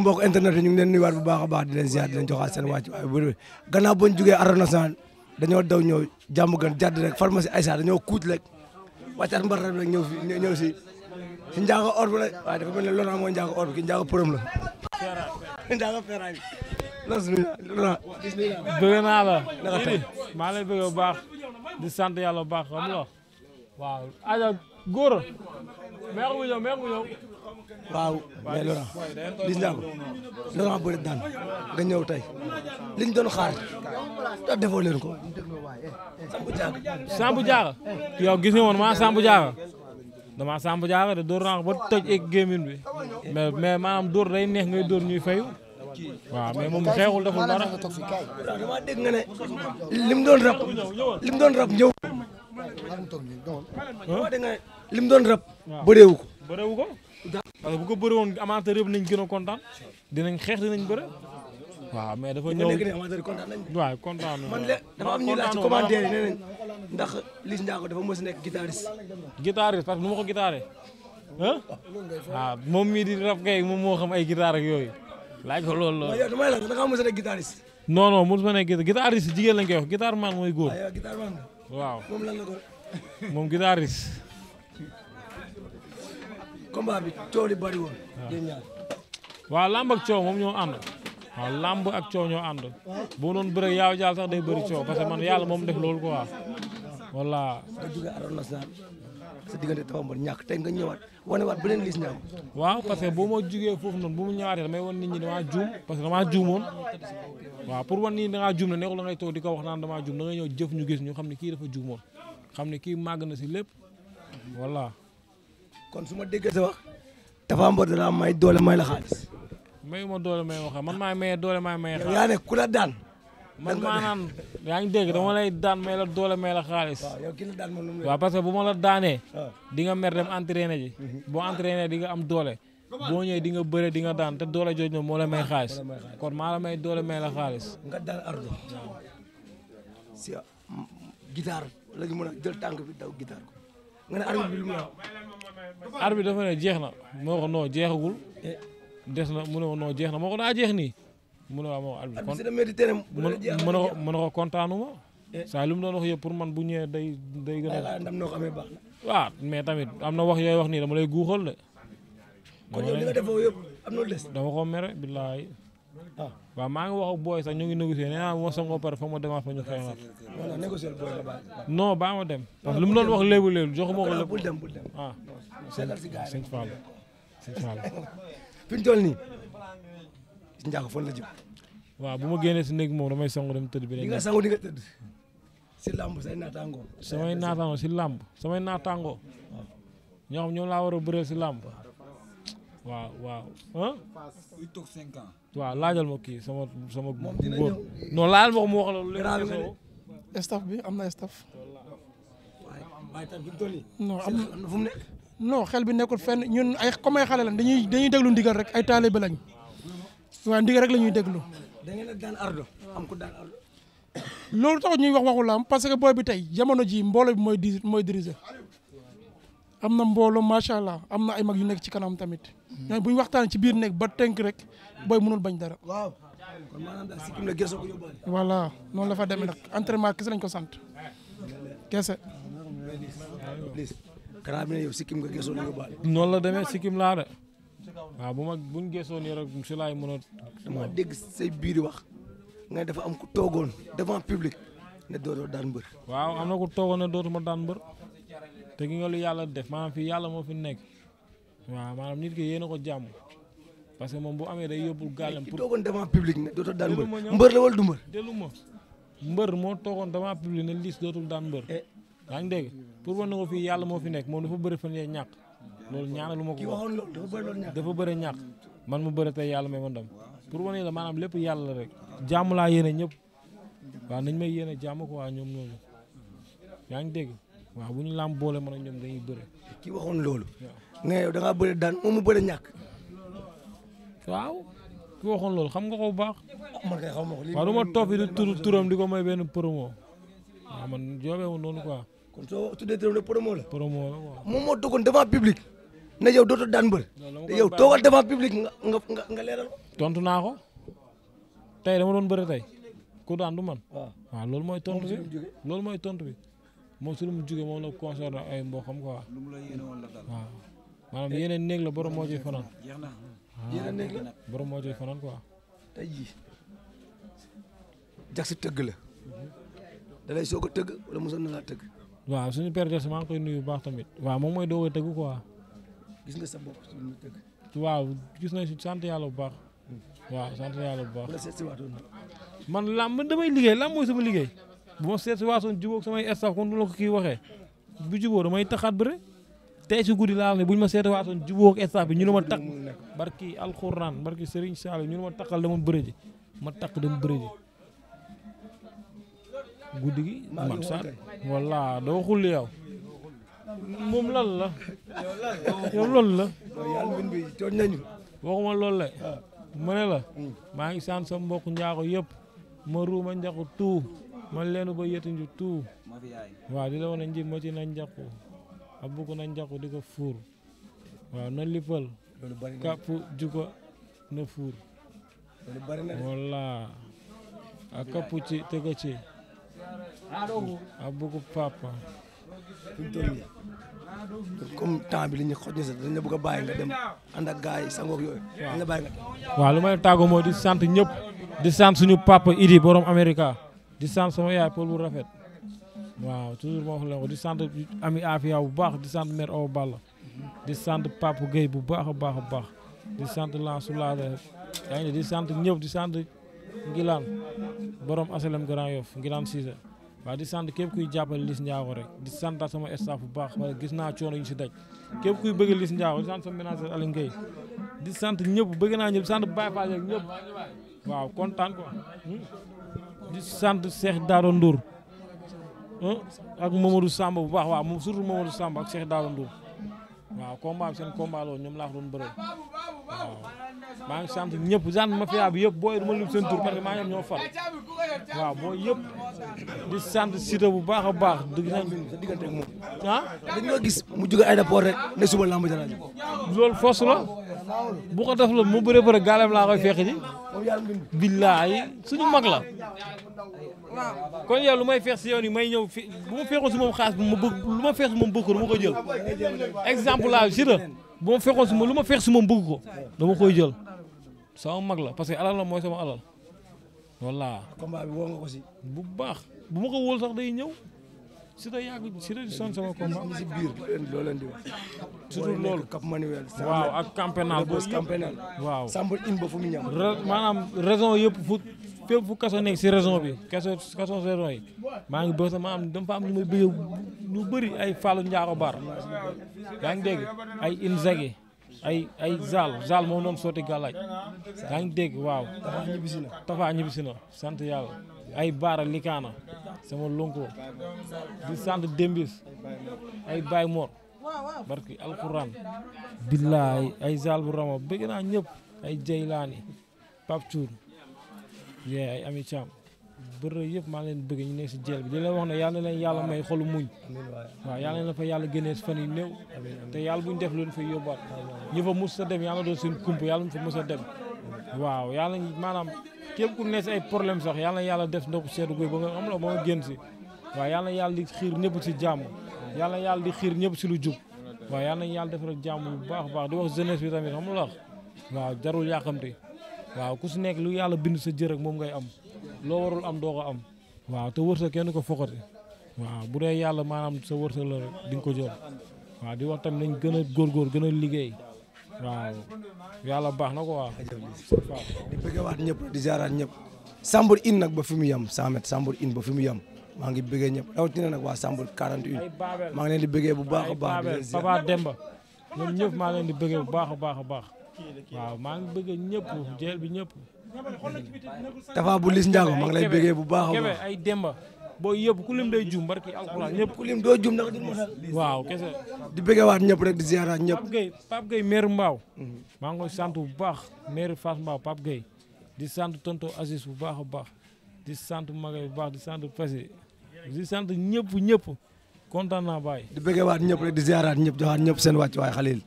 mbokk internet yi ñu ngi leen nuyuwaat bu baax a baax di leen ziar di leen joxaat seen wàcc waaye bu gannaaw bañ jugee Arène Nationale dañoo daw ñëw jàmm gan jàdd rek pharmacie Aïssa dañoo kuuc rek wàccaat mbar rek ñëw fi ñëw si si njaago or bi rek waaye dafa mel ne Laurent mooy njaago or bi ki la njaago feeraay bëgg naa la naka tey maa bu baax di sant yàlla bu baax xam nga aja góor meex mu ñëw meex mu ñëw waaw mais Laurent gis naa ko Laurent bëri ñëw tey liñ doon xaar da defoo leen ko Sambu Diaga yow gis nga woon maa Sambu Diaga damaa Sambu Diaga de dóor naa ko ba toj ak gémmiñ bi mais mais maanaam door day neex ngay dóor ñuy fayu waaw mais moom xeexul deful dara dama dégg nga ne lim doon rab lim doon rab ñëw dama dégg nga ne lim doon rab bëreewu ko ko parce que bu ko bëri woon amateur yëpp nañ gën a kontaan dinañ xeex dinañ bëre. waaw mais dafa ñëw léegi ne amateur yi kontaan waaw kontaan nañ man de am ñu laaj ci commentaire yi nee nañ ndax Liss Ndiago dafa mos nekk guitariste. guitariste parce que nu ma ko guitaree ah. waaw moom mii di rap kay moom moo xam ay guitare ak yooyu laaj ko loolu loolu. yow damay laaj da ngaa mos a nekk guitariste. non non jigéen lañ koy wax guitar man mooy góor. waaw ah, guitar waaw moom lan la ko. moom guitariste. combat bi coow li bari woon. waaw làmb ak coow moom ñoo ànd. waaw làmb ak coow ñoo ànd. boo doon bëre yaaw jaal sax day bëri coow parce que man yàlla moom def loolu quoi. voilà. sa diggante Tapha Mbeur ñàkk tey nga ñëwaat wane waat beneen Liss Ndiago. waaw parce que bu ma jugee foofu noonu bu mu ñëwaatee damay wan nit ñi damaa juum parce que damaa juumoon. waaw pour wan nit ñi dangaa juum ne nekkul da toog di ko wax naan damaa juum da ngay ñëw jëf ñu gis ñu xam ne kii dafa juumoon xam ne kii màgg na si lépp voilà. kon su ma déggee sa wax Tapha Mbeur dala may doole may la xaalis. mayuma doole may wax man maa maye doole may la xaalis yaa ne ku la daan. man maa naan yaa ngi dégg dama lay daan may la doole may la xaalis. waaw yow ki la daan bu ma la daanee. dinga nga mer dem entraîné ji. Mhm. boo entraîné di nga am doole. boo ñëwee di nga bëre di nga daan te doole jooju noonu moo la may xaalis. kon maa la may doole may la xaalis. nga daan ardo si gitaar la ñu mën a jël tànk bi daw gitaar ko. nga bi lu mu dafa ne jeex na moo ko noo jeexagul eh. des na mu ne ko noo jeex na moo ko daa jeex nii mu ne waaw moo ko arbitre kon mën ko kontaanuma eh. saa lu mu doon wax yëpp pour man bu ñëwee day day gën a ndam mais tamit am na wax yooyu wax nii dama lay guuxal de kon ko mere billaay Ah. waaw maa ngi wax ak booy sax ñu ngi négocier nee naa ma songoo pare fa ma ñu xeexaat. voilà négocier booy nga bàyyi. baa ma dem. parce que mu doon wax léegi léegi joxu ma ko lépp. bul dem bul dem ah. sëñ Fall sëñ Fall. fi nii. njaago fan la waaw bu ma génnee si néeg moom damay sangu dem tëdd bi. di nga sangu di say naataangoo. samay naataangoo si làmb samay naataangoo. ñoo xam ñoom laa war a bëreel si làmb. waaw waaw ah. kuy toog cinq ans. waaw laajal ma kii sama sama. moom dina ñëw non laajal ma ko mu la lu bi am na staff. waaye tam non am fu mu nekk. non xel bi nekkul fenn ñun ay comme ay xale lañ dañuy dañuy déglu ndigal rek ay taalibe lañ waaw ndigal rek la ñuy déglu. da ngeen daan ardo am ko daan loolu tax ñuy wax waxu laam parce que booy bi tey jamono ji mbooloo bi mooy di mooy diriger. am na mbooloo macha allah am na ay mag yu nekk ci kanam tamit. Mhm. ñooñu bu ñu waxtaanee ci biir nekk ba tenk rek booy mënul bañ dara. waaw kon maanaam daal sikkim la gëstu ko yóbbaale. voilà noonu kese lañ ko sant kese. kanaa bi ne yow sikkim nga gëstoo la yóbbaale. noonu la demee sikkim laa de waaw bu mag bu ñu gëstoo nii rek si laay mën a. dama dégg say biir wax nga def am ku toogoon devant public ne dootoo daan mbër. waaw am na ku toogoon ne dootuma daan mbër. te gi nga lu yàlla def maanaam fii yàlla moo fi nekk waaw maanaam nit ki yéen a ko jàmm parce que moom bu amee day yóbbul gàllam. pour toogoon devant public ne dootoo daan mbër mbër la wala du mbër. dellu ma mbër moo toogoon devant public ne liis dootul daan mbër. Eh. yaa ngi dégg pour wan na fii yàlla moo fi nekk moom dafa bëri fan yee ñàkk loolu ñaanalu ma ko dafa bëri ñàkk man mu bëri tey yàlla may ma ndam pour wane la maanaam lépp yàlla rek jàmm laa yéene ñëpp waaw nañ may yéene jàmm ko waa ñoom ñooñu yaa ngi waaw bu ñu làmb boole man na ñoom dañuy bëre. ki waxoon loolu. nga yow da ngaa bëre daan moom mu bëre ñàkk. waaw ki waxoon loolu xam nga ko bu baax. Ah, man kay xaw ma du ma topp di turam di ko may benn promo. waaw man joobee wu noonu quoi. kon soo tuddee turam la promo la. promo la waaw. moom moo toogoon devant public. ne yow dootoo daan mbër. te yow toogal nga nga nga leeral ko. tontu naa ko tey dama doon bëre tey ku daan du man. waaw loolu mooy tontu bi loolu mooy tontu bi. moom su mu jugee moom la concerné ay mbokkam quoi waaw maanaam yeneen néeg la borom moo ciy fanaan waaw ah. borom moo ciy fanaan quoi. tey jii jax tëgg la. da lay soog a tëgg wala waaw suñu père Jax maa ngi koy nuyu bu baax tamit. waa moom mooy doog a tëgg quoi. gis nga sa bopp waaw gis nañ si sant yàlla bu baax. waaw sant yàlla bu baax. man làmb damay liggéey làmb mooy sama liggéey. bu ma seet si waasoon jubóog samay staff kon du la ko kii waxee bu jubóo damay taxaat bëre tey si guddi laal ne buñ ma seet waasoon jubóog staff bi ñu ne ma takk barki alxuraan barki Serigne Sall ñu ne ma takkal dama bëre ji ma takk dama bëre ji guddi gi mat sa walla doo xulli yow moom lan la yow loolu la waxuma loolu la ah. ma ne la mm. maa ngi sant sa mbokk njaago yëpp ma ruuma njaxu tout man leenu ba yetu nju tout waaw di la won a njib mo ci nañ jàpp a bugg nañ jàpp di ko fuur waaw na lippal kàpp juko na fuur walla a kapp ci tega ci a bugg papa comme temps bi li ñu dañ la bëgg di sant ñëpp di sant suñu papa Idi borom Amerika di sant sama yaay Paul bu rafet waaw toujours moo wax leen ko di sant ami Afia bu baax di sant mère Awa Balla di sant Pape Gueye bu baax a baax a baax di sant Lansou Laada yaa ngi ne di sant ñëpp di sant Ngilaan borom asalem Grand Yoff Ngilaan Cissé waaw di sant képp kuy jàppale Liss Ndiago rek di sant sama staff bu baax wala gis naa coono yu si daj képp kuy bëgg Liss Ndiago di sant sama ménagère Alioune Gueye di sant ñëpp bëgg naa ñëpp sant Baye Fall ak waaw kontaan di sant seex Daaro Ndour ak Mamadou Samba bu baax waaw moom surtout Mamadou Samba ak Cheikh Daaro Ndour waaw combat bi seen combat ñoom laa ko doon maa ngi sant ñëpp sant mafia bi yëpp booy du ma lim seen tur parce maa ngi ñoo far waaw boo yëpp di sant Siteu bu baax a baax dugg nañ sa diggante ak moom ah dañ gis mu jóge aéroport rek ne suba lamb jara loolu force bu ko def la moo bëree bëri gàllam laa koy fekk ji billaahi suñu mag la kon yow lu may feex si yow ni may ñëw fi bu ma feexoon si moom xaas ma bëgg lu ma feex si moom bëgg ko dama koy jël exemple la Siteu bu ma lu ma feex si moom bëgg ko dama koy jël sama mag la parce que alal la mooy sama alal voilà combat bi woo nga ko si. bu baax bu ma ko wóol sax day ñëw si da yàgg si da son sama combat. si biir loo di wax. surtout loolu cap manuel. waaw ak campénal boobu campénal waaw sàmb in ba fu mu ñam. maanaam raison yëpp fu fépp fu kaso nekk si raison bi kaso kaso raison yi maa ngi bëgg ma am dama fa am lu may bëgg ñu bëri ay Fallou Ndiago Bar yaa ngi dégg ay Inzaghi. ay ay zaal zaal moo doon sotti gàllaaj yaa ngi waaw. Tafa ñibbisi na Tafa ñibbisi na sant yàlla ay baara likaana sama lonko di sant dembis ay Baye Mor al alquran billaay ay zaal bu rama bëgg naa ñëpp ay jaylaani Pape yee ay ami bërë yëpp maa leen bëgg ñu nekk si jeel bi di leen wax ne yàlla na leen yàlla may xolu muñ waaw yàlla na fa yàlla génnee fan yi néew te yàlla buñ def loolu fay fa mos a dem yàlla doon seen kump yàlla fa mos sa dem waaw yàlla maanaam képp ku nekk si ay problème sax yàlla yàlla def ndox seetu ba nga am la ba nga génn yàlla na yàlla di xiir ñëpp si jàmm yàlla na yàlla di xiir ñëpp si lu jub waaw yàlla na yàlla defaral jàmm lu baax baax di wax jeunesse bi tamit xam nga waaw jarul yàqamte waaw ku si nekk lu yàlla bind sa jër moom ngay am loo warul am doo ko am waaw te wërsëg kenn ko fokkati waaw bu dee yàlla maanaam sa wërsëg la di ko jot waaw di wax tamit nañ gën a góorgóor gën a liggéey waaw yàlla baax na ko waa di bëggee waat ñëpp di jaaraat ñëpp Sambour in nag ba fi mu yem 100 mètres Sambour in ba fi mu yem maa ngi bëggee ñëpp rawatina nag waa Sambour 41 maa di bëggee bu baax a baax Demba ñoom ñëpp maa ngi leen di bëggee bu baax a baax a baax waaw maa ngi bëggee ñëpp jeel bi ñëpp Tapha bu Liss Ndiago maa ngi lay bégee bu baax a ay Demba boo yëpp ku lim day jum barki alxuraan ñëpp ku lim doo jum ndax dul mosal waaw kese di bëggewaat ñëpp rek di ziaraat ñëpp Pape Gueye Pape Gueye maire Mbaaw mhm. maa ngi koy sant bu baax maire Fass Mbaaw Pape Gueye di sant tonto Aziz bu baax a baax di sant Magay bu baax di sant Fassé di sant ñëpp ñëpp kontaan naa baay di bëggewaat ñëpp rek di ziaraat ñëpp joxaat ñëpp seen wàcc waay Xalil